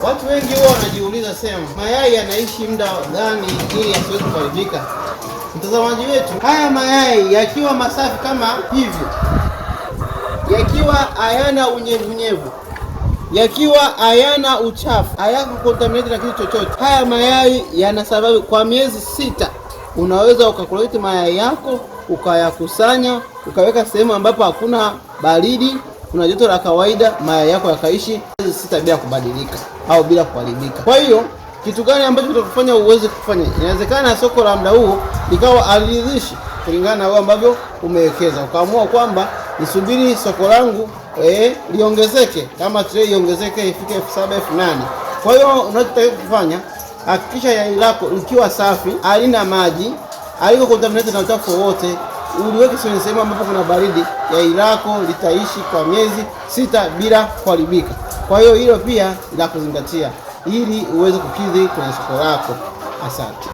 Watu wengi huwa wanajiuliza sema mayai yanaishi muda gani ili yasiweze kuharibika. Mtazamaji wetu, haya mayai yakiwa masafi kama hivyo, yakiwa hayana unyevunyevu, yakiwa hayana uchafu, hayako contaminated na kitu chochote, haya mayai yana sababu kwa miezi sita. Unaweza ukakoleti mayai yako ukayakusanya ukaweka sehemu ambapo hakuna baridi kuna joto la kawaida, mayai yako yakaishi sita bila kubadilika au bila kuharibika. Kwa hiyo kitu gani ambacho kitakufanya uweze kufanya? Inawezekana soko la muda huu likawa aliridhishi kulingana na wewe ambavyo umewekeza, ukaamua kwamba nisubiri soko langu eh, liongezeke, kama trei iongezeke ifike elfu saba elfu nane Kwa hiyo unachotakiwa kufanya, hakikisha yai lako likiwa safi, halina maji, haliko contaminated na uchafu wowote uliweke kwenye sehemu ambapo kuna baridi, yai lako litaishi kwa miezi sita bila kuharibika. Kwa hiyo hilo pia la kuzingatia, ili uweze kukidhi kwenye soko lako. Asante.